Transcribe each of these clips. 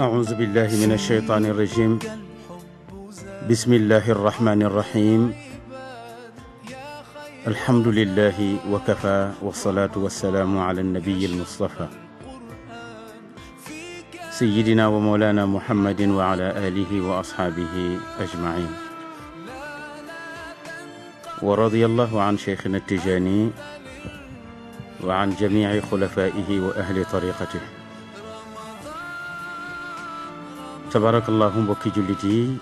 أعوذ بالله من الشيطان الرجيم بسم الله الرحمن الرحيم الحمد لله وكفى والصلاة والسلام على النبي المصطفى سيدنا ومولانا محمد وعلى آله وأصحابه أجمعين ورضي الله عن شيخنا التجاني وعن جميع خلفائه وأهل طريقته tabarakallahu mbokki jullit yi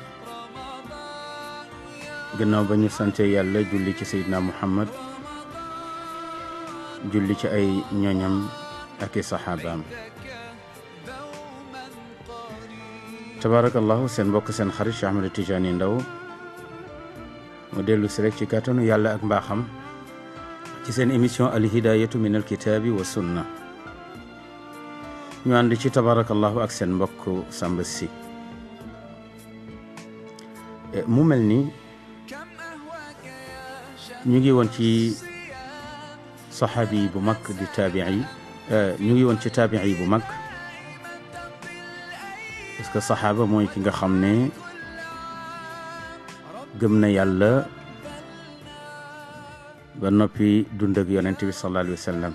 gannaaw ba ñu sante yàlla julli ci seydina muhammad julli ci ay ñoñam ak i saxaabaam tabarakallahu seen mbokk seen xarit Cheikh Ahmed Tidiane Ndao mu dellu si rek ci kàttanu yàlla ak mbaaxam ci seen émission al hidayatu min al kitaabi wa sunna ñu ànd ci tabarakallahu ak seen mbokk Samba Sy mu mel ni ñu ngi woon ci saxaabi bu mag di taabici ñu ngi woon ci taabici bu mag parce que saxaaba mooy ki nga xam ne gëm na yàlla ba noppi dund ak yonent bi sallallahu alayhi wasallam sallam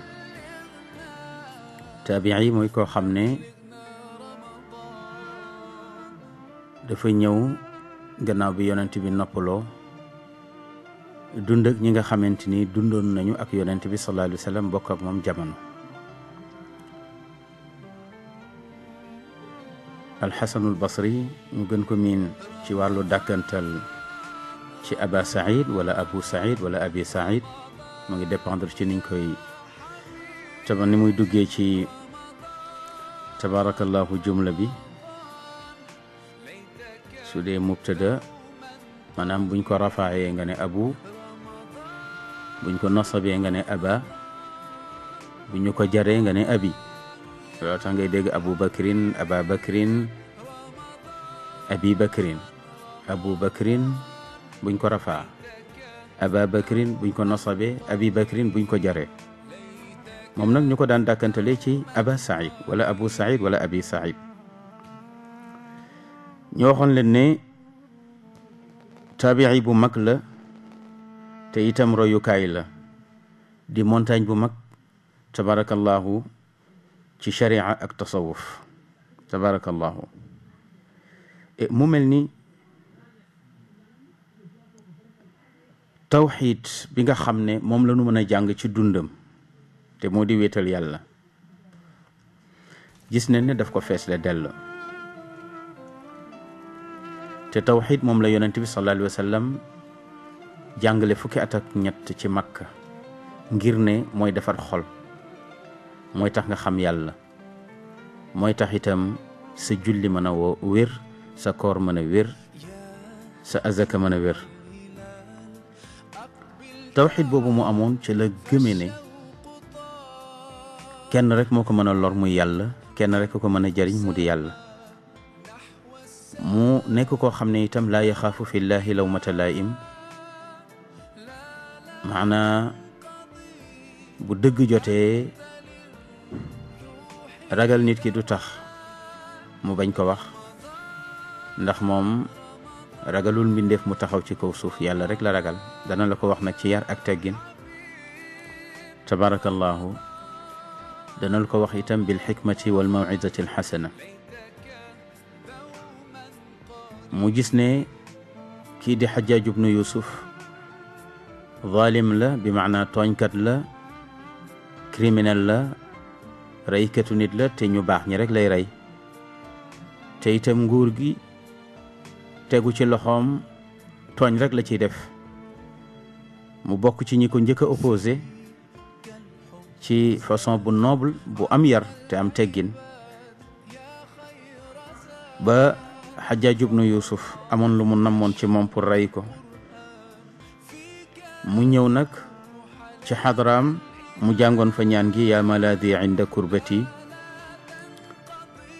taabici mooy koo xam ne dafa ñëw gannaaw bi yonent bi noppaloo dund ak ñi nga xamante ni dundoon nañu ak yonent bi sallallahu alayhi wa sallam bokk ak moom jamono alxasanul basri ñu gën ko miin ci wàllu dàkkantal ci aba saïd wala abu saïd wala abi saïd mu ngi dépendre ci niñ koy taba ni muy duggee ci tabarakallahu jumla bi su dee mubtada maanaam buñ ko rafaayee nga ne abu buñ ko nasabee nga ne aba bu ñu ko jaree nga ne abi loolu tax ngay dégg abu bakrin aba bakrin abi bakrin abu bakrin buñ ko rafaa aba bakrin buñ ko nasabee abi bakrin buñ ko jaree moom nag ñu ko daan dàkkantale ci aba saïd wala abu saïd wala abi saïd ñu waxoon leen ne tabi'i bu mag la te itam royukaay la di montagne bu mag tabarakallahu ci sharia ak tasawuf tabarakallahu e mu mel ni tawxiit bi nga xam ne moom la mën a jàng ci dundam te moo di wetal yàlla gis nañ ne daf ko fees la dell te tawxid moom la yonent bi sallallahu alayhi jàngale fukki at ak ñett ci makka ngir ne mooy defar xol mooy tax nga xam yàlla mooy tax itam sa julli mën a woo wér sa koor mën a wér sa azaka mën a wér tawxid boobu mu amoon ci la gëme ne kenn rek moo ko mën a lor muy yàlla kenn rek ko mën a jariñ mu di yàlla mu nekk koo xam ne itam laa yaxaafu fillaahi lawmata laa'im maanaa bu dëgg jotee ragal nit ki du tax mu bañ ko wax ndax moom ragalul mbindeef mu taxaw ci kaw suuf yàlla rek la ragal dana la ko wax nag ci yar ak teggin tabaarakallaahu dana la ko wax itam bil xikmati wal mawidati alxasana mu gis ne kii di Xajjaaj ibnu Yuusuf zaalim la bi maanaa tooñkat la criminel la reykatu nit la te ñu baax ñi rekk lay rey te itam nguur gi tegu ci loxoom tooñ rekk la ciy def mu bokk ci ñi ko njëkk a ci façon bu noble bu am yar te am teggin ba xajaaj ibnu yuusuf amoon lu mu namoon ci moom pour rey ko mu ñëw nag ci xadraam mu jàngoon fa ñaan gi yaa malaadi inda kurbati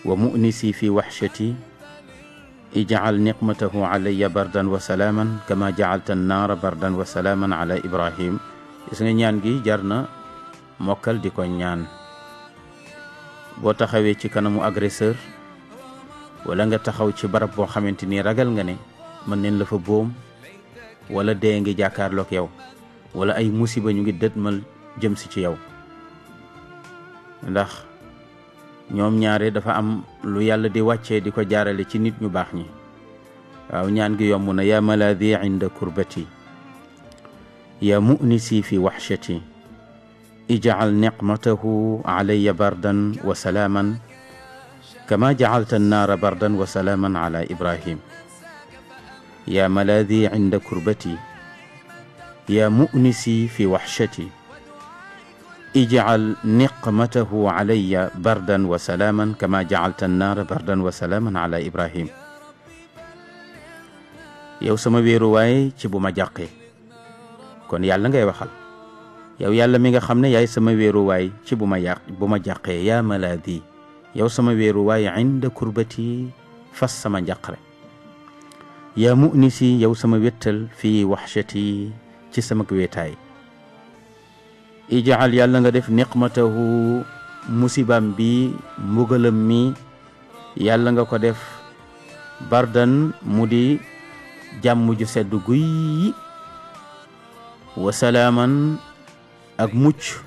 wa mu'nisi fi waxshati ijacal niqmatahu alayya bardan wa salaaman kama jacalta annaara bardan wa salaaman ala ibrahim gis nga ñaan gi jar na mokkal di ko ñaan boo taxawee ci kanamu agresseur wala nga taxaw ci barab bo xamanteni ragal nga ne man neen la fa boom wala dee ngi jàkkaarloog yow wala ay musiba ñu ngi dëtmal jëm si ci yow ndax ñoom ñaare dafa am lu yàlla di wàccee di ko jaarale ci nit ñu baax ñi waaw ñaan gi yomb na yaa malaadi inda kurbati ya munisi fi waxshati ijaal niqmatahu alayya bardan wa salaaman كما جعلت النار بردا وسلاما على إبراهيم يا ملاذي عند كربتي يا مؤنسي في وحشتي اجعل نقمته علي بردا وسلاما كما جعلت النار بردا وسلاما على إبراهيم yow sama wéeruwaay ci bu ma jàqee kon yàlla ngay waxal yow yàlla mi nga xam ne yaay sama wéeruwaay ci bu ma yàq bu ma jàqee yaa yow sama wéeru waaye inda kurbati fas sama njaqare yaa munisi yow sama wéttal fii waxshati ci sama wéetaay ijaal yàlla nga def niqmatahu musibam bi mbugalam mi yàlla nga ko def bardan mu di jàmm ju sedd guy wa salaaman ak mucc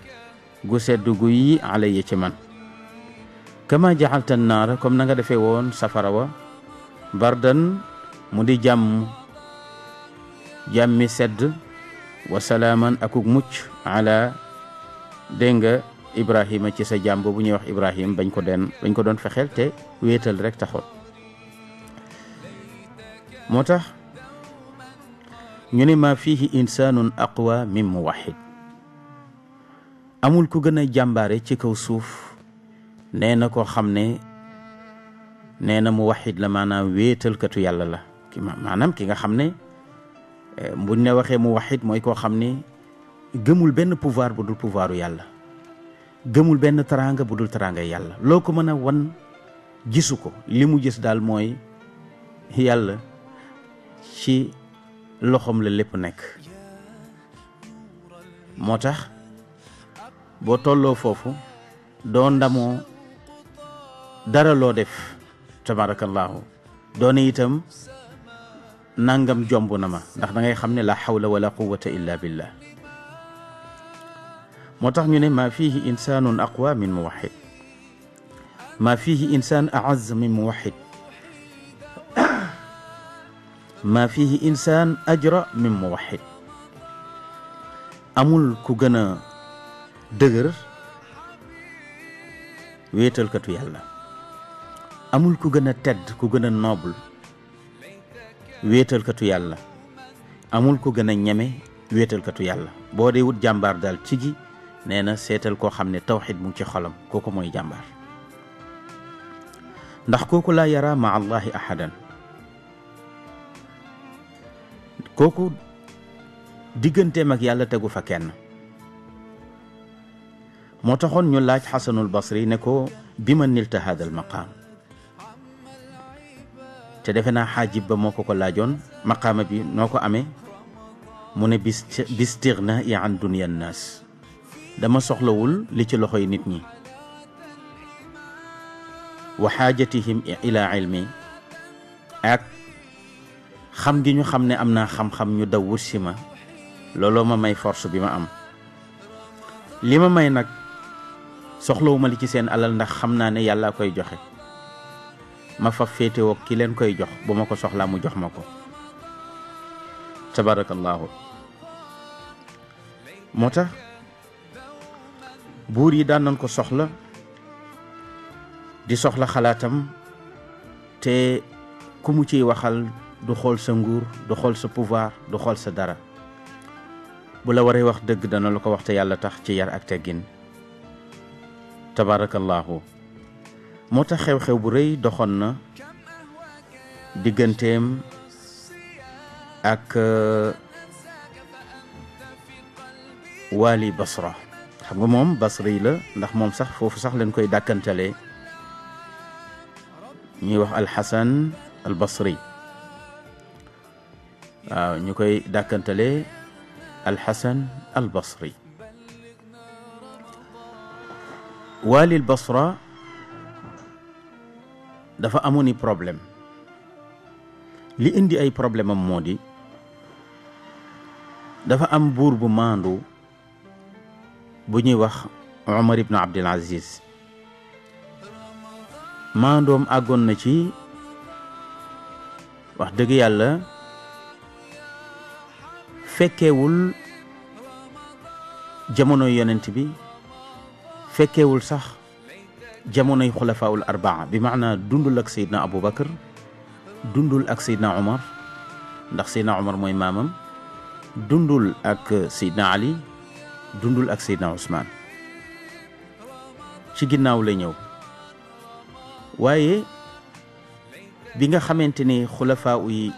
gu sedd guy alayya ci man kama jaxalta naara comme nanga nga defee woon safara wa bardan mu di jàmm jàmmi sedd wa salaaman akuk mucc ala dégg nga ibrahima ci sa jàmm boobu ñuy wax ibrahim bañ ko den bañ ko doon fexeel te wéetal rekk taxoon moo tax ñu ne ma fihi insanun aqwa min muwahid amul ku gën jàmbaare ci kaw suuf نينا كو خامني نينا موحد لا مانا ويتال كاتو يالا لا كيما مانام كيغا خامني مبن ني واخي موحد موي كو خامني گمول بن بوفوار بودول بوفوارو يالا گمول بن ترانغا بودول ترانغا يالا لوكو مانا وان جيسوكو ليمو جيس دال موي يالا شي لوخوم لا ليپ نيك موتاخ بو تولو فوفو دون دامو dara lo def tabaarakallaahu doni itam nangam jombunama ndax da ngay xamne la hawla wala quwwata illa billah motax tax ñu ne maa fiihi insaanun aqwa min muwahhid ma fihi insan aaz min muwahhid ما فيه إنسان ajra من موحد أمول ku gën a dëgër wéetalkatu yàlla amul ku gëna tedd ku gëna noble noble katu yàlla amul ku gëna ñeme ñeme katu yàlla boo dee wut jàmbaar daal ci gi nee na seetal koo xam ne tawxid mu ci xolam kooku mooy jàmbaar ndax kooku laa yara ma allahi ahadan kooku digganteem ak yàlla tegu fa kenn moo taxoon ñu laaj xasanul basri ne ko bi ma nilta hada al te defe naa xaajib ba moo ko ko laajoon maqaama bi noo ko amee mu ne bis na i an dunya naas dama soxlawul li ci loxoy nit ñi wa xaajatihim ila ilmi ak xam gi ñu xam ne am naa xam-xam ñu daw wut si ma looloo ma may force bi ma am li ma may nag soxlawuma li ci seen alal ndax xam naa ne yàlla koy joxe ma fa féetewoo kii leen koy jox bu ma ko soxlaa mu jox ma ko tabaarakallaahu moo tax buur yi daan nañ ko soxla di soxla xalaatam te ku mu ciy waxal du xool sa nguur du xool sa pouvoir du xool sa dara bu la waree wax dëgg dana la ko wax te yàlla tax ci yar ak teggin tabaarakallaahu moo xew-xew bu rëy doxoon na digganteem ak wali basra xam nga moom basri la ndax moom sax foofu sax leen koy dàkkantalee ñuy wax alxasan al basri waaw ñu koy dàkkantalee alxasan al basri waali al basra dafa amoon i problème li indi ay problème am moo di dafa am buur bu maandu bu ñuy wax Omar ibn Abdul Aziz maandoom àggoon na ci wax dëgg yàlla fekkewul jamono yonent bi fekkewul sax jamonoy xulafaawul arbaa bi maana dundul ak Seydina Aboubacar dundul ak Seydina Omar ndax Seydina Omar mooy maamam dundul ak Seydina Ali dundul ak Seydina Ousmane ci ginnaaw la ñëw waaye bi nga xamante ne xulafaaw yi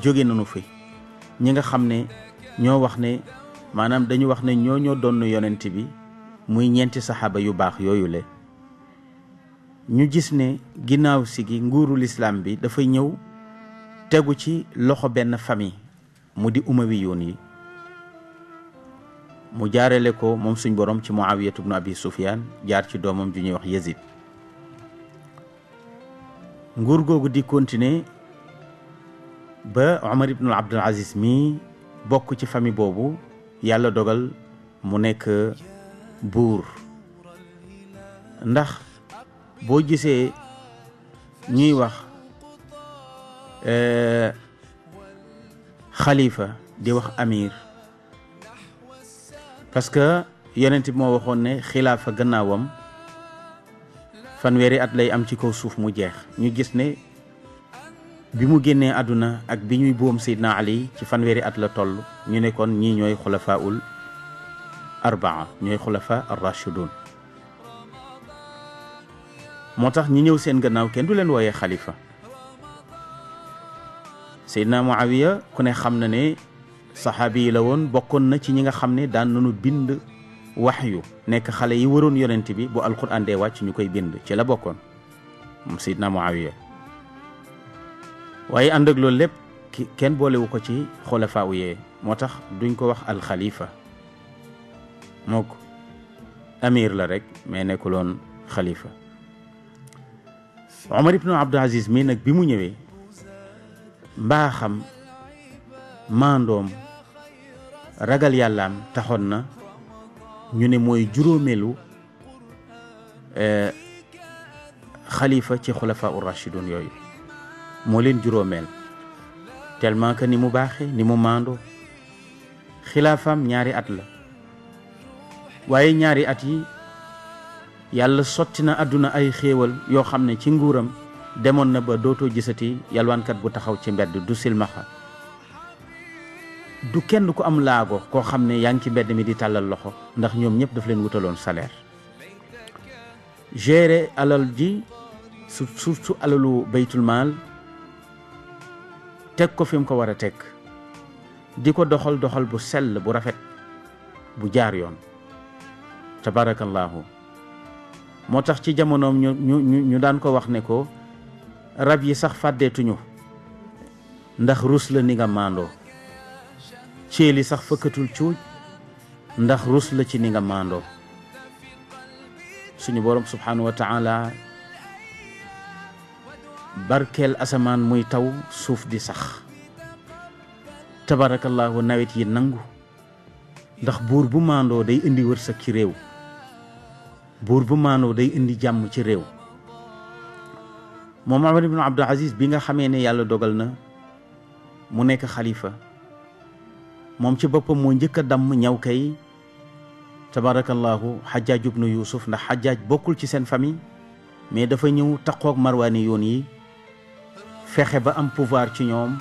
jóge nañu fi ñi nga xam ne ñoo wax ne maanaam dañu wax ne ñoo ñoo doon yonent bi muy ñeenti saxaaba yu baax yooyu le ñu gis ne ginnaaw si gi nguuru lislaam bi dafa ñëw tegu ci loxo benn famille mu di umawi yoon yi mu jaarale ko moom suñ borom ci muawiyatu bnu abi sufyaan jaar ci doomam ju ñuy wax yazid nguur googu di continuer ba omar ibnul abdul aziz mi bokk ci famille boobu yàlla dogal mu nekk buur ndax boo gisee ñuy wax euh, xalifa di wax amir parce que yonent moo waxoon ne xilaafa gannaawam fanweeri at lay am ci kaw suuf mu jeex ñu gis ne bi mu génnee àdduna ak bi ñuy boom si Ali ci fanweeri at la toll ñu nekkoon kon ñii ñooy xulafaul arbaa ñooy xulafa ar rachidun moo tax ñi ñëw seen gannaaw kenn du leen wooyee xalifa Seydina Muawiya ku ne xam na ne saxaabi yi la woon bokkoon na ci ñi nga xam ne daan nañu bind wax yu nekk xale yi waroon yonent bi bu alxuraan dee wàcc ñu koy bind ci la bokkoon moom Seydina Muawiya waaye ànd ak loolu lépp kenn boolewu ko ci xulafaa yee moo tax duñ ko wax alxalifa mook amir la rek mais nekkuloon xalifa Omar ibnu Abdou Aziz mii nag bi mu ñëwee mbaaxam maandoom ragal yàllaam taxoon na ñu ne mooy juróomeelu eh, xalifa ci xulafa u rachidun yooyu moo leen juróomeel tellement que ni mu baaxee ni mu maandoo xilaafaam ñaari at la waaye ñaari at yi yàlla sotti na àdduna ay xéewal yoo xam ne ci nguuram demoon na ba dootoo gisati yalwaankat bu taxaw ci mbedd du silmaxa du kenn ku am laago koo xam ne yaa ngi ci mbedd mi di tàllal loxo ndax ñoom ñëpp daf leen wutaloon salaire gérer alal ji su su alalu baytul teg ko fi mu ko war a teg di ko doxal doxal bu sell bu rafet bu jaar yoon tabaarakallaahu moo tax ci jamonoom ñu daan ko wax ne ko rab yi sax fàddeetuñu ndax rus la ni nga maandoo céeli sax fëkkatul cuuj ndax rus la ci ni nga maandoo suñu boroom subhaanahu wa taala barkeel asamaan muy taw suuf di sax tabarakallahu nawet yi nangu ndax buur bu maandoo day indi wërsëg ci réew buur bu maanoo day indi jàmm ci réew moom Omar ibn Abdul Aziz bi nga xamee ne yàlla dogal na mu nekk xalifa moom ci boppam moo njëkk a damm ñaw kay tabarakallahu xajaaj ibnu yuusuf ndax xajaaj bokkul ci seen famille mais dafa ñëw taqoog marwaani yoon yi fexe ba am pouvoir ci ñoom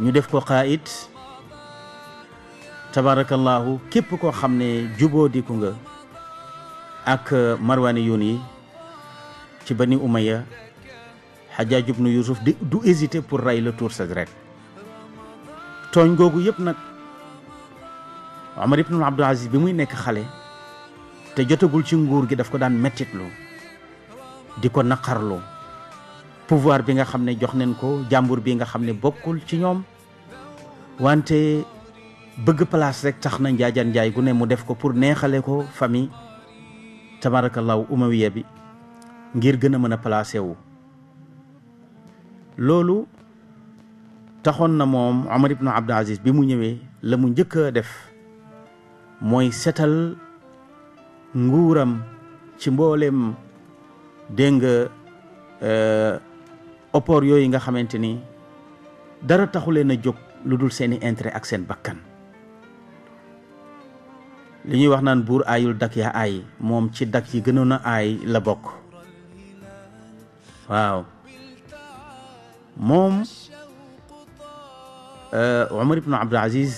ñu def ko xaayit tabarakallahu képp koo xam ne jubóodiku nga ak euh, marwaani yoon yi ci bani umaya xajaaj ibnu yusuf di du hésité pour ray la tour sa deret tooñ googu yëpp nag omar nu abdul aziz bi muy nekk xale te jotagul ci nguur gi daf ko daan mettitlu di ko naqarlu pouvoir bi nga xam ne jox neen ko jàmbur bi nga xam ne bokkul ci ñoom wante bëgg place rek tax na njaajaan njaay gu ne mu def ko pour neexale ko famille tabaarakallaahu umawiya bi ngir gën a mën a placé wu loolu taxoon na moom Omar ibnu Abdul Aziz bi mu ñëwee la mu njëkk def mooy setal nguuram ci mbooleem dégg nga euh, oppoor yooyu nga xamante ni dara taxu leen a jóg lu dul seeni intérêt ak seen bakkan li ñuy wax naan buur aayul dakk ya aay moom ci dakk yi gënoon a aay la bokk waaw moom euh, Omar ibnu Abdul Aziz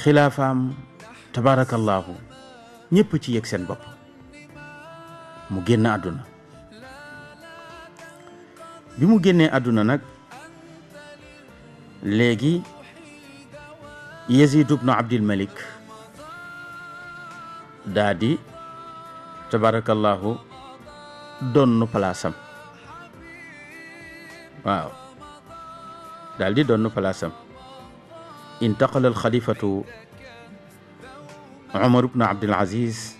xilaafaam tabaarakallaahu ñëpp ci yëg seen bopp mu génn àdduna bi mu génnee àdduna nag léegi يزيد بن عبد الملك دادي تبارك الله دون بلاسم واو دادي دون بلاسم انتقل الخليفة عمر بن عبد العزيز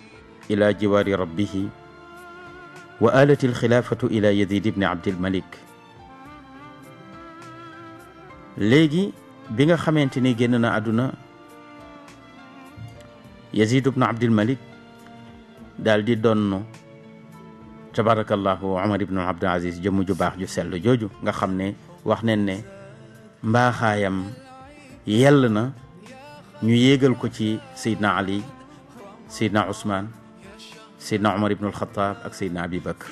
إلى جوار ربه وآلت الخلافة إلى يزيد بن عبد الملك لجي bi nga xamante ni génn na àdduna yazid ibnu abdil malik daal di donn tabarakallahu omar ibnu abdul aziz jëmm ju baax ju sell jooju nga xam ne wax nen ne mbaaxaayam yell na ñu yéegal ko ci seydna ali seydna ousmaan seydna omar ibnu alxataab ak seydna abi bakr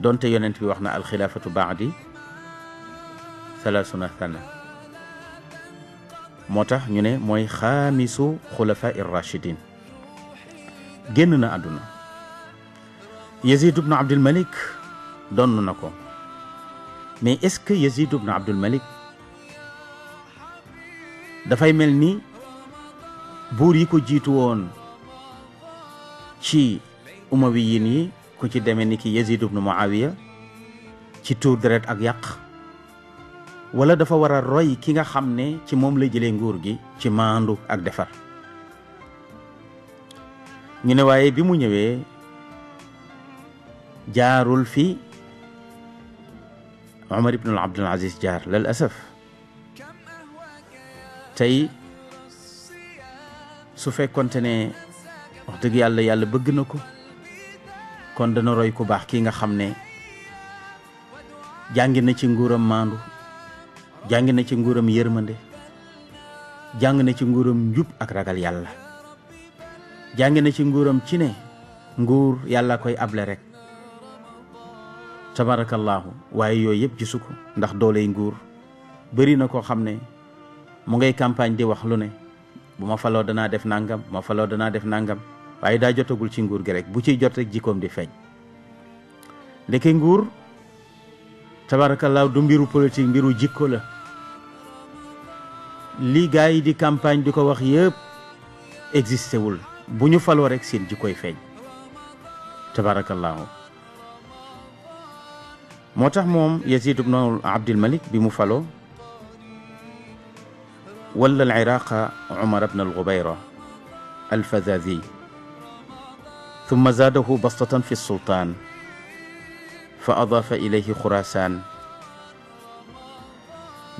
donte yonent bi wax na alxilaafatu baadi salaasuna sana moo tax ñu ne mooy xaamisu xulafa irrachidin génn na àdduna yazid na abdul malik donn na ko mais est-ce que yazid ubnu abdul malik dafay mel ni buur yi ko jiitu woon ci umawiyin yi ku ci demee ni ki yazid ubnu muawiya ci tuur deret ak yàq wala dafa war a roy ki nga xam ne ci moom la jëlee nguur gi ci maandu ak defar ñu ne waaye bi mu ñëwee jaarul fii Omar ibn Abdul Aziz jaar lal asaf tey su fekkonte ne wax dëgg yàlla yàlla bëgg na ko kon dana roy ku baax kii nga xam ne jàngi na ci nguuram maandu jàng na ci nguuram yërmande jàng na ci nguuram njub ak ragal yàlla jàng na ci nguuram ci ne nguur yàlla koy able rek tabaarakallaahu waaye yooyu yëpp gisu ko ndax dooley nguur bëri na koo xam ne mu ngay campagne di wax lu ne bu ma faloo danaa def nangam bu ma faloo danaa def nangam waaye daa jotagul ci nguur gi rek bu ciy jot rek jikkoom di feeñ ndeke nguur tabaraka tabarakallah du mbiru politique mbiru jikko la li gars di campagne diko wax yeb existé wul buñu falo rek seen jikoy feñ tabaraka moo motax mom Yazid ibn abd al Malik bi mu falo ولا العراق عمر بن الغبيرة الفذاذي ثم زاده بسطة في السلطان فadafa ilayhi xuraasaan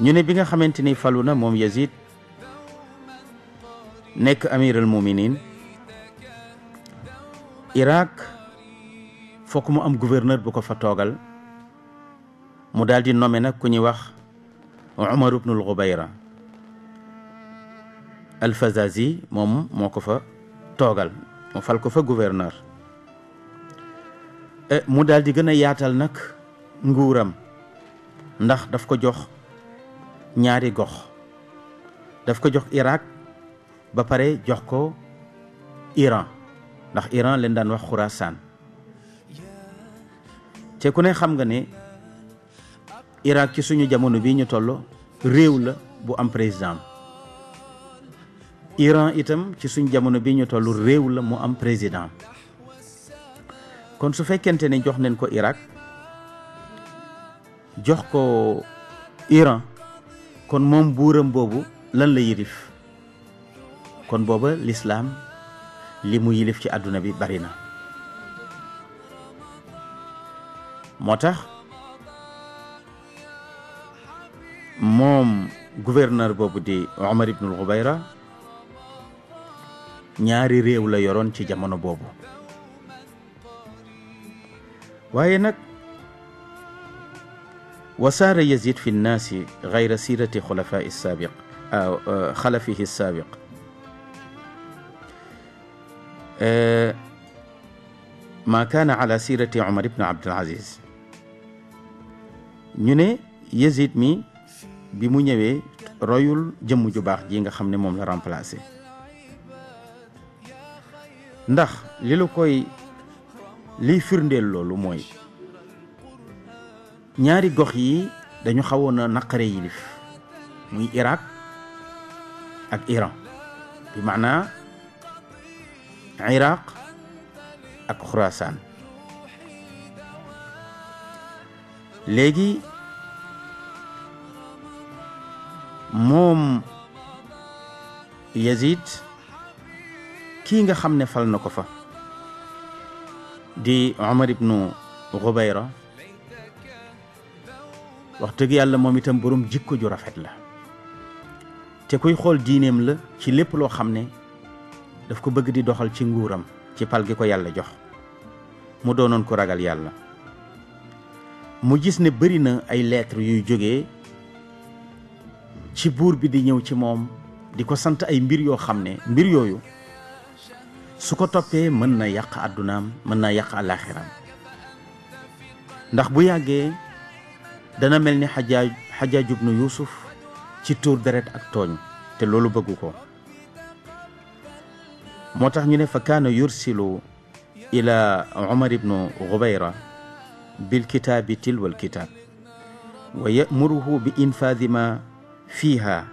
ñu ne bi nga xamante ni falu na moom Yazid nekk amiral muminin Irak fokk mu am gouverneur bu ko fa toogal mu daal di nommé nag ku ñuy wax Umar ibnul Xubayra Alfazazi moom moo ko fa toogal mu fal ko fa gouverneur Eh, mu daal di gën a yaatal nag nguuram ndax daf ko jox ñaari gox daf ko jox Irak ba pare jox ko Iran ndax Iran leen daan wax Xuraasaan te ku ne xam nga ne Irak ci suñu jamono bi ñu toll réew la bu am président Iran itam ci suñu jamono bi ñu toll réew la mu am président kon su fekkente ne jox nañ ko Irak jox ko Iran kon moom buuram boobu lan la yilif kon booba lislaam li mu yilif ci àdduna bi bari na moo tax moom gouverneur boobu di Omar ibnul Xubayra ñaari réew la yoroon ci jamono boobu وهي وسار يزيد في الناس غير سيرة خلفاء السابق أو آه، آه، خلفه السابق آه، ما كان على سيرة عمر بن عبد العزيز ñu يزيد مي بمو نيوي mu ñëwee royul jëmm ju baax ji nga xam ne moom la remplacé ndax li lu koy lii firndeel loolu mooy ñaari gox yi dañu xawoon a naqare yilif muy Irak ak Iran bi maanaa Irak ak Xurasaan léegi moom Yazid kii nga xam ne fal na ko fa di Omar ibnu Xubayra wax dëgg yàlla moom itam borom jikko ju rafet la te kuy xool diineem la ci lépp loo xam ne daf ko bëgg di doxal ci nguuram ci pal gi ko yàlla jox mu doonoon ko ragal yàlla mu gis ne bëri na ay lettres yuy jógee ci buur bi di ñëw ci moom di ko sant ay mbir yoo xam ne mbir yooyu suko topé mën na yàq adunaam mën na yàq alakhiram ndax bu yagge dana melni ni xajaaj ibn yusuf ci tour deret ak togn te lolu bëggu ko moo ñu ne fa kana yursilu ila umar ibn ghubayra bil gubayra til wal kitab wa yamuruhu bi infaadi ma fiiha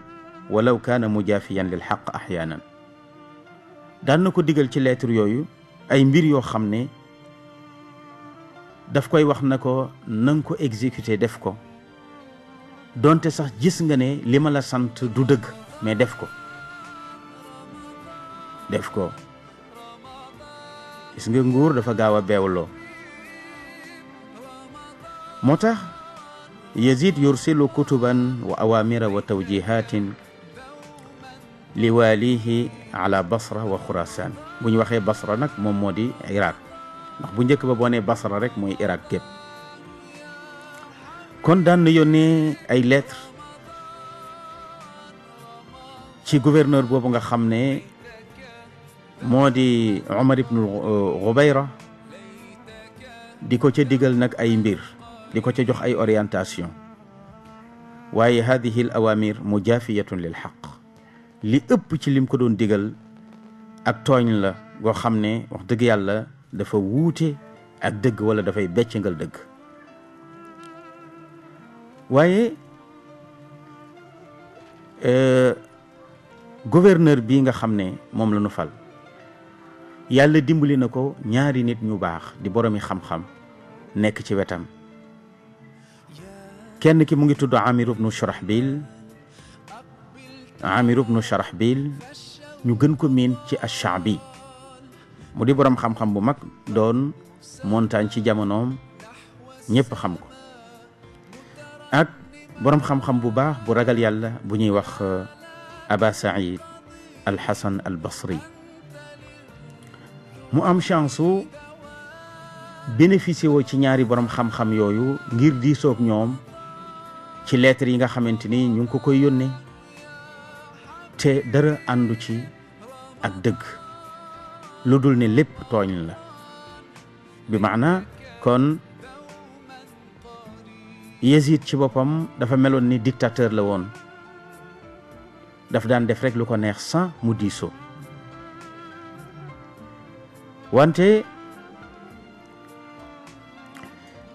walaw kaana mujaafiyan lil xaq daan na ko digal ci lettre yooyu ay mbir yoo xam ne daf koy wax na ko nanga ko exécuter def ko donte sax gis nga ne li ma la sant du dëgg mais def ko def ko gis nga nguur dafa gaaw a beewloo moo tax yazid yursilu kutuban wa awamira wa tawjihatin liwaalihi ala basra wa xurasaan bu ñu waxee basra nag moom moo di iraq ndax bu njëkk ba boo nee basra rek mooy iraq gépp kon daan na yónnee ay lettre ci gouverneur boobu nga xam ne moo di Omar ibnu Xubayra di ko ca digal nag ay mbir di ko ca jox ay orientation waaye hadihi al awamir mujaafiyatun lil xaq li ëpp ci lim ko doon diggal ak tooñ la goo xam ne wax dëgg yàlla dafa wuute ak dëgg wala dafay beccangal dëgg waaye euh, gouverneur bii nga xam ne moom lanu fal yàlla dimbali na ko ñaari nit ñu baax di boroomi xam-xam nekk ci wetam kenn ki mu ngi tudd Amir ibnu Shurahbil عامر بن شرحبيل نيغنكو مين تي الشعبي مودي بروم خام خام بو ماك دون مونتان تي جامونوم نيب خامكو اك بروم خام خام بو باخ بو راغال يالا بو ني ابا سعيد الحسن البصري مو ام شانسو بينيفيسي و تي نياري بروم خام خام يو غير ديسوك نيوم تي لتر ييغا خامتيني نيونكو كوي يوني te dara àndu ci ak deug lu ne lépp togn la bi maana kon Yezid ci bopam dafa melone ni dictateur la won daf daan def rek luko neex sans mu wante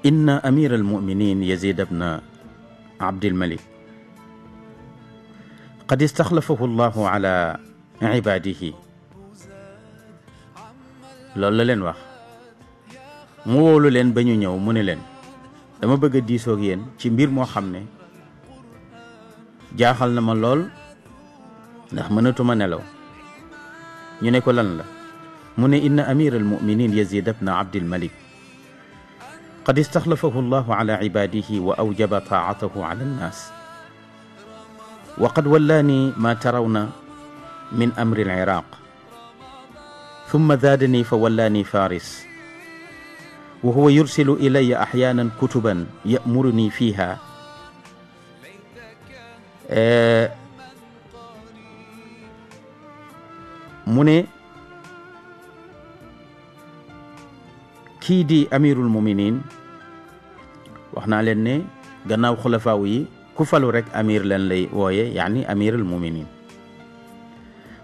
inna amir al muminin Yazid ibn Abdil Malik قد استخلفه الله على عباده لولا لين واخ مو لولا لين بنيو نيو مو نيلين دما بغا ديسو يين سي مير مو خامني جاخال نما لول ناخ منوتوما نلو ني نيكو لان لا من ان امير المؤمنين يزيد بن عبد الملك قد استخلفه الله على عباده واوجب طاعته على الناس وقد ولاني ما ترون من أمر العراق ثم زادني فولاني فارس وهو يرسل إلي أحيانا كتبا يأمرني فيها آه، مني كيدي امير المؤمنين وحنا muminin wax خلفاوي كفلورك أمير لن لي ووي يعني أمير المؤمنين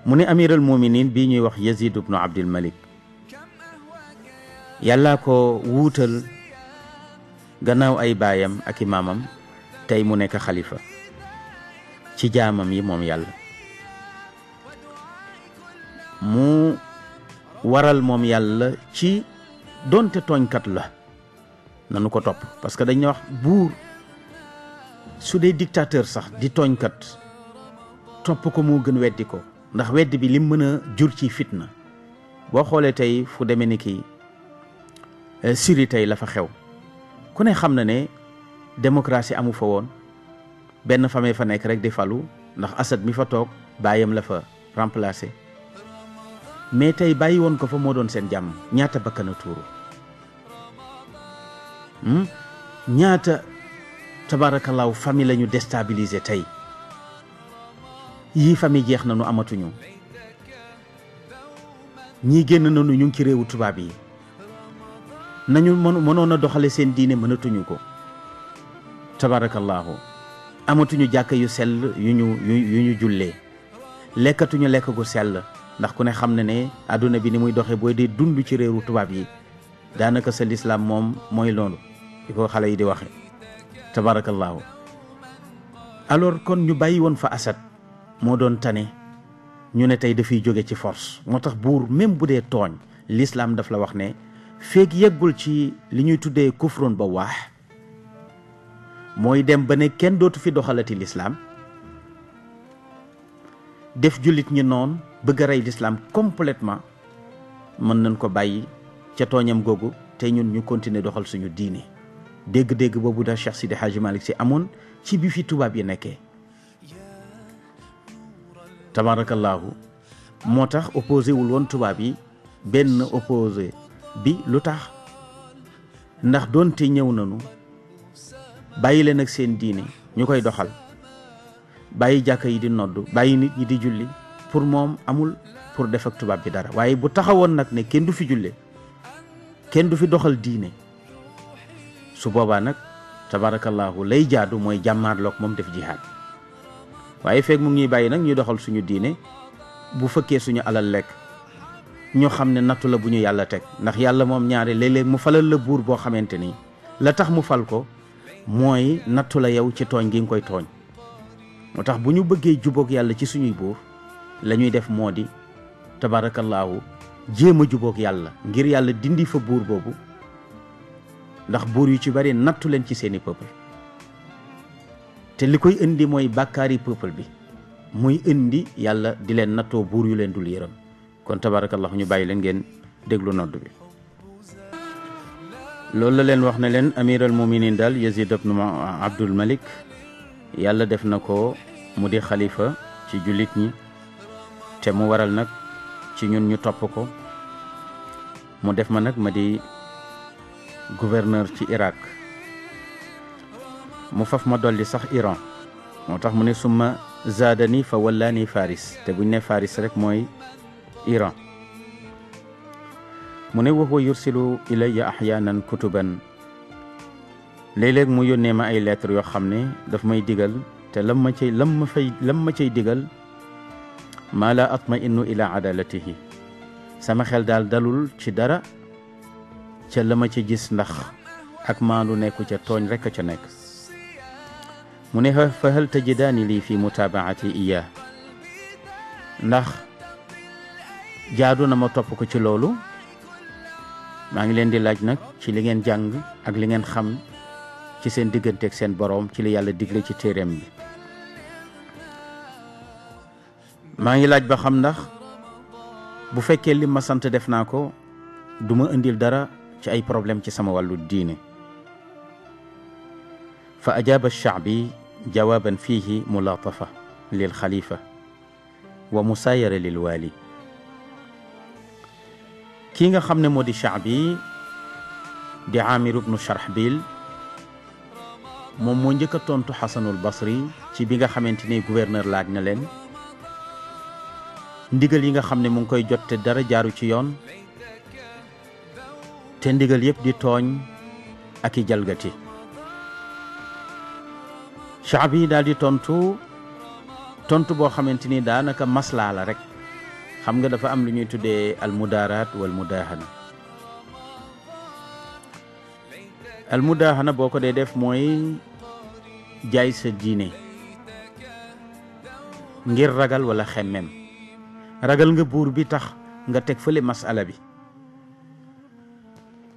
مني أمير المؤمنين بيني وح يزيد بن عبد الملك يلا ووتل جناو أي بايم أكي مامم تاي مني خليفة تي جامم يموم يلا مو waral mom yalla ci donte togn kat la nanu ko top parce que su dee dictateur sax di tooñkat topp ko moo gën weddi ko ndax weddi bi lim mën a jur ci fitna boo xoolee tey fu demee ni kii eh, Syrie tey la fa xew ku ne xam na ne démocratie amu fa woon benn famille fa nekk rek di falu ndax Assad mi fa toog bàyyam la fa remplacé mais tey bàyyi woon ko fa moo doon seen jàmm ñaata bakkana a tuuru hmm? ñaata tabaarakallaahu famille lañu ñu tey yii famille jeex na nu amatuñu ñii génn nañu ñu ngi ci réewu tubaab yi nañu mën mënoon a doxale seen diine mënatuñu ko tabaarakallaahu amatuñu jàkk yu sell yu ñu yu ñu jullee lekkatuñu lekk gu sell ndax ku ne xam ne ne àdduna bi ni muy doxee booy dee dund ci réewu tubaab yi daanaka sa lislaam moom mooy loolu di ko xale yi di waxe tabaarakallaahu alors kon ñu bàyyi woon fa asad moo doon tane ñu ne tey dafay jóge ci force moo tax buur même bu dee tooñ lislaam daf la wax ne feeg yeggul ci li ñuy tuddee kufrun ba waax mooy dem ba ne kenn dootu fi doxalati lislaam def jullit ñi noon bëgg a rey lislaam complètement mën nañ ko bàyyi ca tooñam googu te ñun ñu continuer doxal suñu diini dégg-dégg boobu daal Cheikh Sidi Hadji Malick si amoon ci bi fi tubaab yi nekkee tabaarakallaahu moo tax opposé wul woon tubaab yi benn opposé bi lu tax ndax doonte ñëw nanu bàyyi leen ak seen diine ñu koy doxal bàyyi jàkka yi di nodd bàyyi nit ñi di julli pour moom amul pour defak tubaab bi dara waaye bu taxawoon nag ne kenn du fi julle kenn du fi doxal diine su boobaa nag tabaarakallaahu lay jaadu mooy jàmmaarloog moom def jihaad waaye feeg mu ngi bàyyi nag ñuy doxal suñu diine bu fëkkee suñu alal lekk ñu xam ne nattu la bu ñu yàlla teg ndax yàlla moom ñaare léeg mu falal la buur boo xamante ni la tax mu fal ko mooy nattu la yow ci tooñ gi nga koy tooñ moo tax bu ñu bëggee jubook yàlla ci suñuy buur la ñuy def moo di tabaarakallaahu jéem a jubóog yàlla ngir yàlla dindi fa buur boobu ndax buur yu ci bari nattu leen ci seeni peuple te li koy indi mooy bàkkaari peuple bi muy indi yàlla di leen nattoo buur yu leen dul yërëm kon tabaarakallaahu ñu bàyyi leen ngeen déglu nodd bi loolu la leen wax na leen amiral muminin daal yazid ibnu abdul malik yàlla def na ko mu di xalifa ci jullit ñi te mu waral nag ci ñun ñu topp ko mu def ma nag ma di gouverneur ci Irak mu faf ma doli sax Iran motax tax mu ne summa zaadani fa wallani faris te buñ ne faris rek moy Iran mu ne wax yursilu ilayya ahyanan kutuban leeg mu yónnee ma ay lettre yo xamne daf may digal te lam ma cey lam ma fay lam ma cey digal maa la atma innu ila adalatihi sama xel daal dalul ci dara ca la ma ci gis ndax ak maandu nekku ca tooñ rekk a ca nekk mu ne fa hal tajidaani lii fi mutaabaati iya ndax jaadu na ma topp ko ci loolu maa ngi leen di laaj nag ci li ngeen jàng ak li ngeen xam ci seen digganteek seen boroom ci li yàlla digle ci téereem bi maa ngi laaj ba xam ndax bu fekkee li ma sant def naa ko du ma indil dara ci ay problème ci sama walu diine fa ash-sha'bi jawaban fihi mulatafa lil khalifa wa lil wali ki nga xamne modi sha'bi di amir ibn sharhbil mom mo ñëk tontu hasan al basri ci bi nga xamante gouverneur laaj na len ndigal yi nga xamne mu ngi koy jotté dara jaaru ci yoon te ndigal yëpp di tooñ ak i jalgati Shaabi yi daal di tontu tontu boo xamante ni daanaka maslaa la rek xam nga dafa am lu ñuy tuddee almudaaraat wal mudaahana almudaahana boo ko dee def mooy jaay sa diine ngir ragal walla xemmem ragal nga buur bi tax nga teg fële masala bi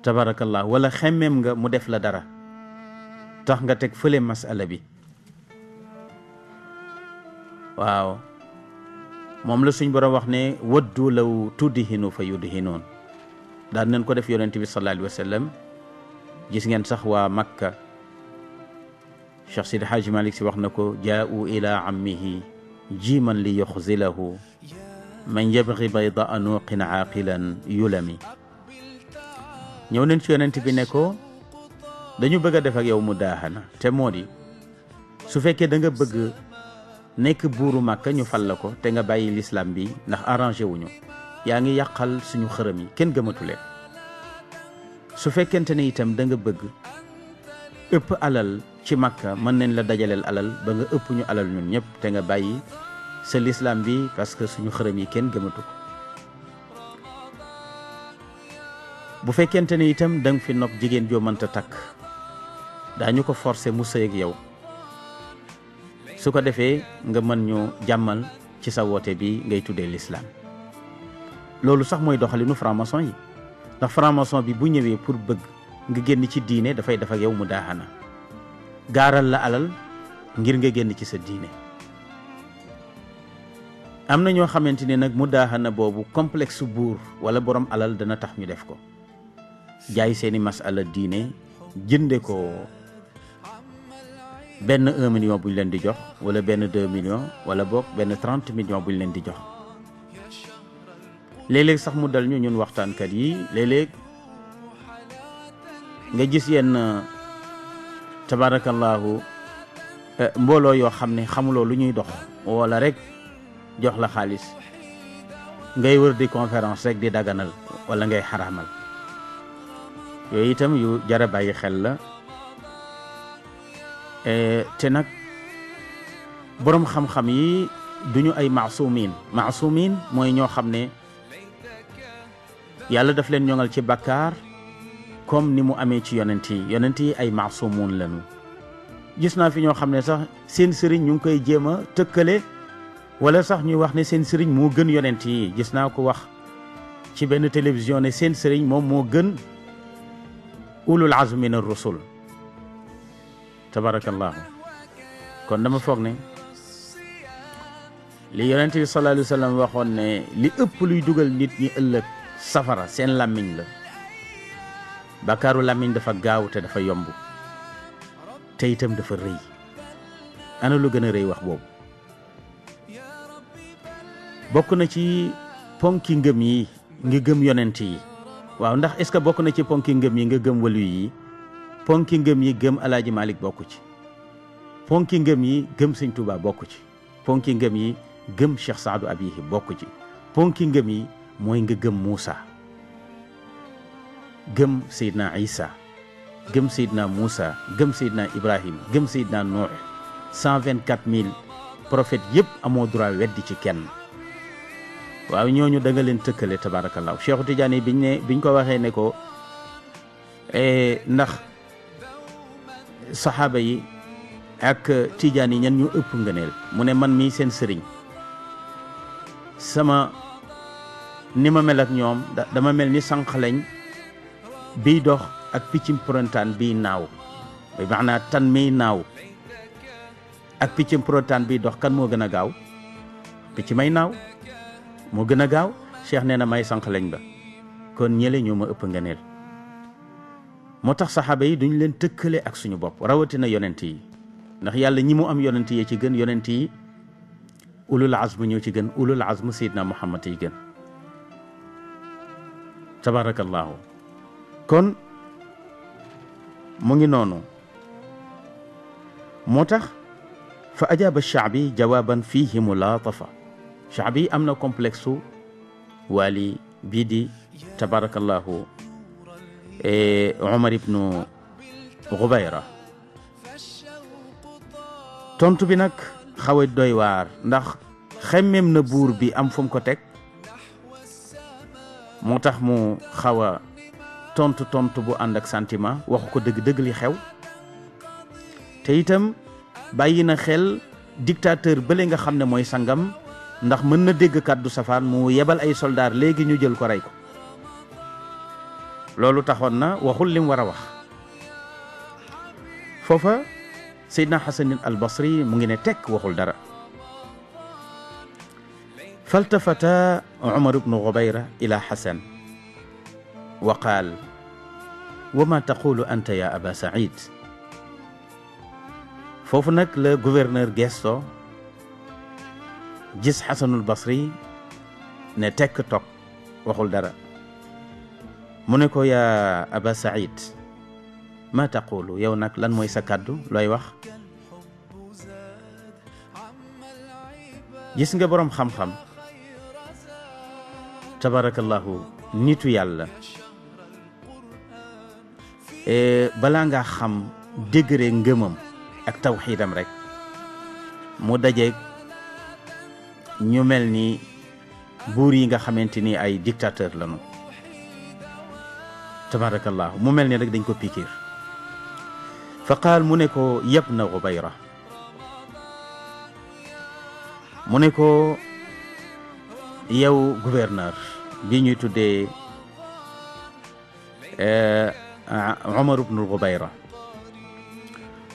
tabarakallah wala xemmeem nga mu def la dara tax nga teg fële masala bi waaw moom la suñ borom wax ne waddu law tuddihinu fa yuddihinoon daan nañ ko def yonent bi sallallahu alayhi wa gis ngeen sax waa makka cheikh sidi haaji malik si wax na ko jaau ila ammihi jiman li yuxzilahu man yabgi bayda anuqin aaqilan yulami ñëw nañ ci yonent bi ne ko dañu bëgg a def ak yow mu daaxana te moo di su fekkee da nga bëgg nekk buuru màkka ñu fal la ko te nga bàyyi lislaam bi ndax arrangé wuñu yaa ngi yàqal suñu xërëm yi kenn gëmatu su fekkente ni itam da nga bëgg ëpp alal ci màkka mën nañ la dajaleel alal ba nga ëpp ñu alal ñun ñëpp te nga bàyyi sa lislaam bi parce que suñu xërëm yi kenn gëmatu ko bu fekkente ne itam danga fi nopp jigéen joo mënta takk daañu ko forcer mu sëy ak yow su ko defee nga mën ñu jàmmal ci sa woote bi ngay tuddee lislaam loolu sax mooy doxalinu franc yi ndax franc bi bu ñëwee pour bëgg nga génn ci diine dafay def ak yow mu daaxana gaaral la alal ngir nga génn ci sa diine am na ñoo xamante ne nag mu daaxana boobu complexe buur wala borom alal dana tax ñu def ko jaay seeni masala diine jënde ko benn un million bu ñu leen di jox wala benn deux millions wala boog benn trente millions bu ñu leen di jox léeg sax mu dal ñu ñun waxtaankat yi léeg nga gis yenn tabaarakallaahu eh, mbooloo yoo xam ne xamuloo lu ñuy dox walla rek jox la xaalis ngay wër di conférence rek di dagganal wala ngay xaraamal yooyu itam yu jar a bàyyi xel la te nag boroom xam-xam yi duñu ay maasumin maasumin mooy ñoo xam ne yàlla daf leen ñoŋal ci bakkaar comme ni mu amee ci yonent yi yonent yi ay maasumun lañu gis naa fi ñoo xam ne sax seen sëriñ ñu ngi koy jéem a tëkkale wala sax ñuy wax ne seen sëriñ moo gën yonent yi gis naa ko wax ci benn télévision ne seen sëriñ moom moo gën أولو العزم من الرسل تبارك الله كون دما فوغني لي يونتي صلى الله عليه وسلم واخون ني لي اوب لي دوغال نيت ني الك سفرا سين لامين لا بكارو لامين دا فا غاو تا دا فا يومب تيتم دا فا ري انا لو غنا ري واخ بوب بوكو نا بونكي غم يي غي غم يونتي waaw ndax est-ce que bokk na ci ponki ngëm yi nga gëm walu yi ponki ngëm yi gëm alaaji Malick bokku ci ponki ngëm yi gëm sëñ Touba bokku ci ponki ngëm yi gëm Cheikh Saadu Abihi bokk ci ponki ngëm yi mooy nga gëm Moussa gëm Seydina Isa gëm Seydina Moussa gëm Seydina Ibrahim gëm Seydina Nuux cent vingt-quatre mille prophètes yëpp amoo droit weddi ci kenn waaw ñooñu danga nga leen tëkkale tabaarakallaahu Cheikhu Tidiane yi biñ ne biñ ko waxee ne ko e, ndax saxaaba yi ak Tidiane yi ñan ñu ëpp ngëneel mu ne man mii seen sëriñ sama ni ma mel ñoom dama mel ni sànq bii dox ak piccim prontaan biy naaw bi naa tan miy naaw ak piccim prontaan bii dox kan moo gën a gaaw picc may naaw moo gën a gaaw cheikh nee na may sànq lañ ba kon ñële ñoo ma ëpp nga ngeneel moo tax saxaaba yi duñ leen tëkkale ak suñu bopp rawatina yonent yi ndax yàlla ñi mu am yonent yee ci gën yonent yi ulul azm ñoo ci gën ulul azm sayidna muhammad yi gën tabaarakallaahu kon mu ngi noonu moo tax fa ajaaba shaabi jawaaban fiihi mulaatafa شعبي أمنا كومبلكسو والي بيدي تبارك الله إيه عمر بن غبيرة تونتو بينك خوي الدويوار نخ خمم نبور بي أم فم كوتك موتاخ مو خوا تونتو تونتو بو عندك سانتيما وخوكو دق دق لي خيو تيتم باينا خيل ديكتاتور بلينغا خمنا موي سانغام ndax mën na dégg kàddu safaan mu yebal ay soldaar léegi ñu jël ko rey ko loolu taxoon na waxul lim war a wax foofa Seydina Xasanin al Basri mu ngi ne tekk waxul dara فالتفت عمر بن غبيرة إلى حسن وقال وما تقول أنت يا أبا سعيد فوفنك لغوفرنر جيستو gis xasanul basri ne tekk toog waxul dara mu ne ko yaa aba saïd ma taqulu yow nag lan mooy sa kàddu looy wax gis nga boroom xam-xam tabarakallahu nitu yàlla balaa nga xam degré ngëmam ak tawxiidam rek mu dajeeg ñu mel ni buur yi nga xamante ni ay dictateur lañu tabarakallah mu mel ni rek dañ ko piquer fa qaal mu ne ko yabna Gubayra mu ne ko yow gouverneur bi ñuy tuddee Omar ibnu Gubayra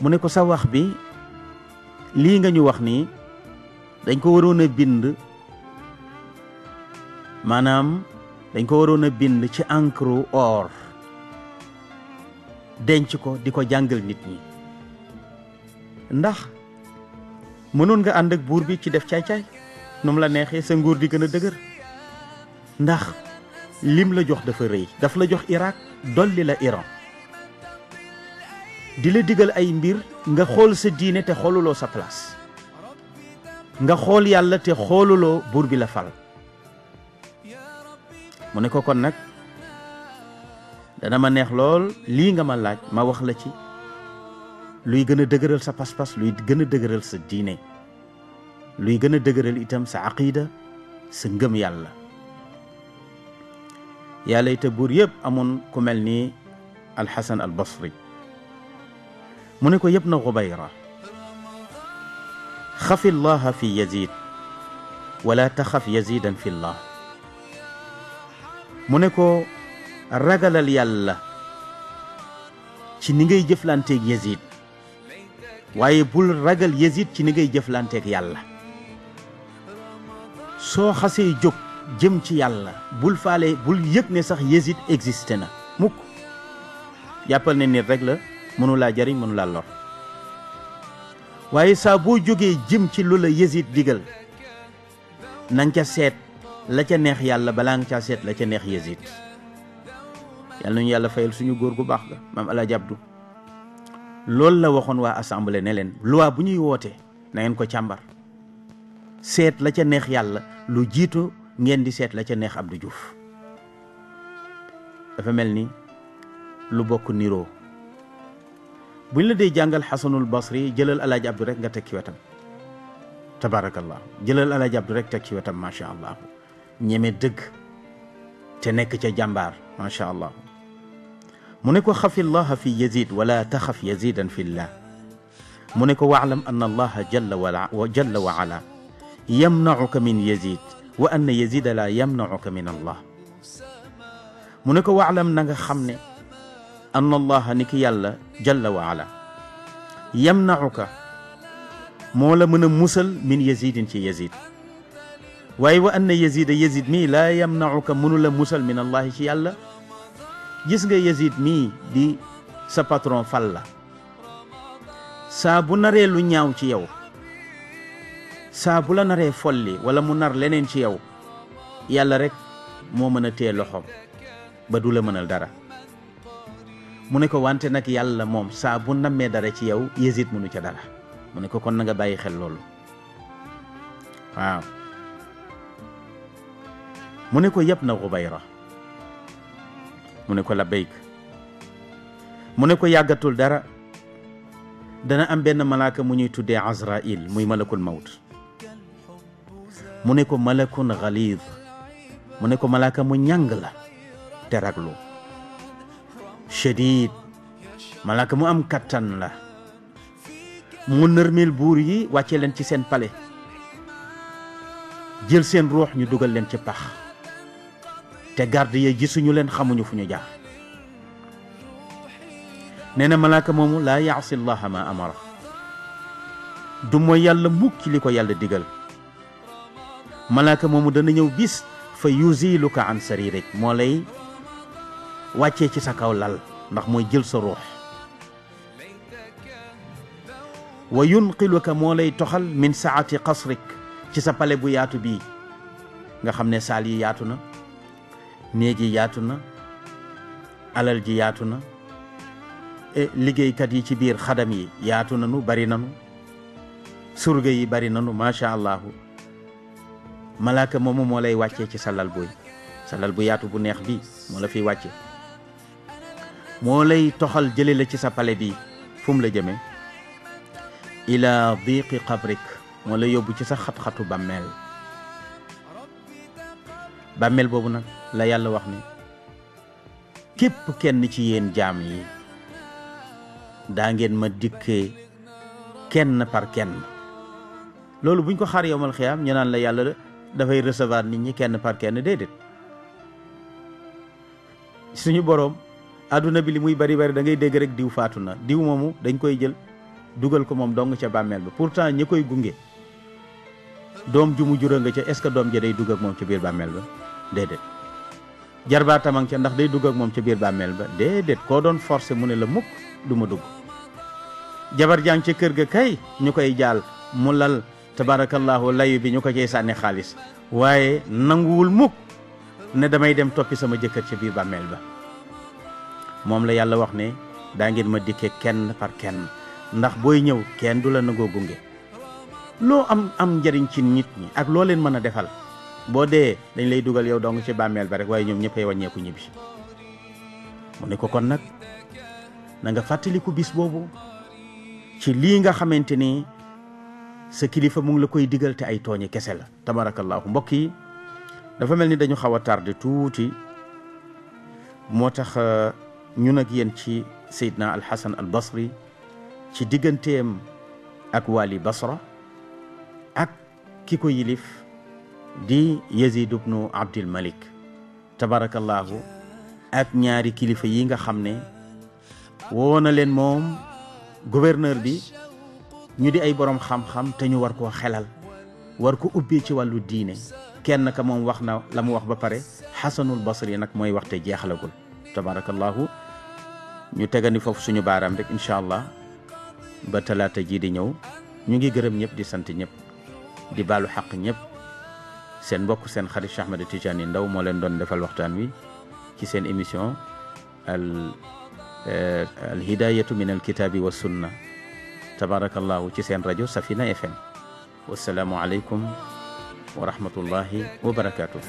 mu ne ko sa wax bi lii nga ñu wax ni dañ ko waroon a bind maanaam dañ ko waroon a bind ci encre or denc ko di ko jàngal nit ñi ndax mënoon nga ànd ak buur bi ci def caay-caay nu mu la neexee sa nguur di gën a dëgër ndax lim la jox dafa rëy daf la jox Irak dolli la Iran di la digal ay mbir nga xool sa diine te xooluloo sa place nga xool yàlla te xooluloo buur bi la fal mu ne ko kon nag dana ma neex lool lii nga ma laaj ma wax la ci luy gën a dëgëral sa pas-pas luy gën a dëgëral sa diine luy gën a dëgëral itam sa aqida sa ngëm yàlla yàlla ite buur yëpp amoon ku mel ni alxasan al basri mu ne ko yëpp na xubayra خف الله في يزيد wala taxaf yazidan fillah mu ne ko ragalal yàlla ci ni ngay jëflanteeg yazid waaye bul ragal yazid ci ni ngay jëflanteeg yàlla so xasee jóg jëm ci yàlla bul faale bul yëg ne sax yazid existé na mukk jàppal ne nit rek la mënu laa jariñ mënu laa lor waaye saa boo jógee jëm ci lu la yësit digal na ca seet la ca neex yàlla balaa nga caa seet la ca neex yësit yàlla nañu yàlla fayal suñu góor gu baax ga maam El Hadj Abdou loolu la waxoon waa assemblée ne leen loi bu ñuy wootee nangeen ko càmbar seet la ca neex yàlla lu jiitu ngeen di seet la ca neex ab Abdou Diouf dafa mel ni lu bokk niroo buñ la dee jàngal xasanul basri jëlal alaaji abdu rek nga teg ci wetam allah jëlal alaaji abdu rek teg ci wetam macha allah ñeme dëgg te nekk ca jàmbaar macha allah mu ne ko xafi allah fi yazid wala taxaf yazidan fi llah mu ne ko waalam an allah jalla wa jalla wa ala yamnauka min yazid wa anna yazid la yamnauka min allah mu ne ko waalam na nga xam ne anna allaha ni ki yàlla jalla wa ala yamnauka moo la mën a musal min yazidin ci yazid waaye wa anna yazida yazid mii laa yamnauka mënu la musal min allahi ci yàlla gis nga yazid mii di sa patron fal la saa bu naree lu ñaaw ci yow saa bu la naree folli wala mu nar leneen ci yow yàlla rek moo mën a tee loxoom ba du la mënal dara mu ne ko wante nag yàlla moom saa bu nammee dara ci yow yésit mënu ca dara mu ne ko kon na nga bàyyi xel loolu waaw mu ne ko yëpp na xubayra mu ne ko labbayk mu ne ko yàggatul dara dana am benn malaaka mu ñuy tuddee azrail muy malakul mawt mu ne ko malakun xaliid mu ne ko malaaka mu ñàng la te raglu shadid malaka mu am kattan la mu nërmeel buur yi wàcce leen ci seen pale jël seen ruux ñu dugal leen ci pax te garde yi gisuñu leen xamuñu fu ñu jaar nee na malaaka moomu laa yaasi llaha ma amara du mooy yàlla mukki li ko yàlla digal malaaka moomu dana ñëw bis fa yuziluka an saririk moo lay wacce ci sa kaw lal ndax moy jël sa ruh wa yunqiluka moo lay toxal min saati qasrik ci sa pale bu yaatu bi nga xamne sal yi yaatu na néeg yi yaatu na alal ji yaatu na kat yi ci bir xadam yi yaatu nanu bari nanu surga yi bari nanu macha allahu malaaka moomu moo lay wacce ci salal boy salal bu yaatu bu neex bi mo la fi wàcce moo lay toxal jële la ci sa pale bii fu mu la jëmee ila diqi qabrik moo lay yóbbu ci sa xat-xatu bàmmeel bàmmeel boobu nag la yàlla wax ni képp kenn ci yéen jaam yi daa ngeen ma dikkee kenn par kenn loolu buñ ko xaar yowmal xiyaam ñu la yàlla dafay recevoir nit ñi kenn par kenn déedéet suñu boroom àdduna bi li muy bari bari da ngay dégg rek diw faatu na diw moomu dañ koy jël dugal ko moom dong ca bàmmeel ba pourtant ñi koy gunge doom ju mu nga ca est ce que doom ja day dugal ak moom ca biir bàmmeel ba déedéet jarbaatam a ca ndax day dugal moom ca biir bàmmeel ba déedéet koo doon forcé mu ne la mukk du ma dugg jabar jàng ca kër ga kay ñu koy jaal mu lal tabaarakallaahu layu bi ñu ko cay sànni xaalis waaye nanguwul mukk ne damay dem toppi sama jëkkër ca biir bàmmeel ba moom la yàlla wax ne daa ngeen ma dikkee kenn par kenn ndax booy ñëw kenn du la nangoo gunge loo am am njëriñ ci nit ñi ak loo leen mën a defal boo dee dañ lay dugal yow dong ci bàmmeel ba rek waaye ñoom ñëppay wàññeeku ñibbi mu ne ko kon nag na nga fàttaliku bis boobu ci lii nga xamante ni sa kilifa mu ngi la koy digal te ay tooñi kese la tabaarakallaahu mbokk yi dafa mel ni dañu xaw a tardé tuuti moo tax euh, ñun ak yéen ci Seydina Alxasan al Basri ci digganteem ak wali Basra ak ki ko yilif di Yazid ibnu Abdil Malik tabarakallahu ak ñaari kilifa yi nga xam ne woo na leen moom gouverneur bi ñu di ay borom xam-xam te ñu war koo xelal war ko ubbee ci wàllu diine kenn ka moom wax na la mu wax ba pare xasanul basri nag mooy waxte te jeexalagul tabarakallahu ñu tégani fofu suñu baram rek inshallah ba talata ji di ñëw ñu ngi gërëm ñëpp di sant ñëpp di balu haq ñëpp seen mbokk seen xarit Cheikh Ahmed Tidiane ndaw mo leen doon defal waxtaan wi ci seen émission al al hidayatu min al kitab wa sunna tabarakallahu ci seen rajo Safina FM wassalaamu aleykum wa rahmatullahi wa barakatuh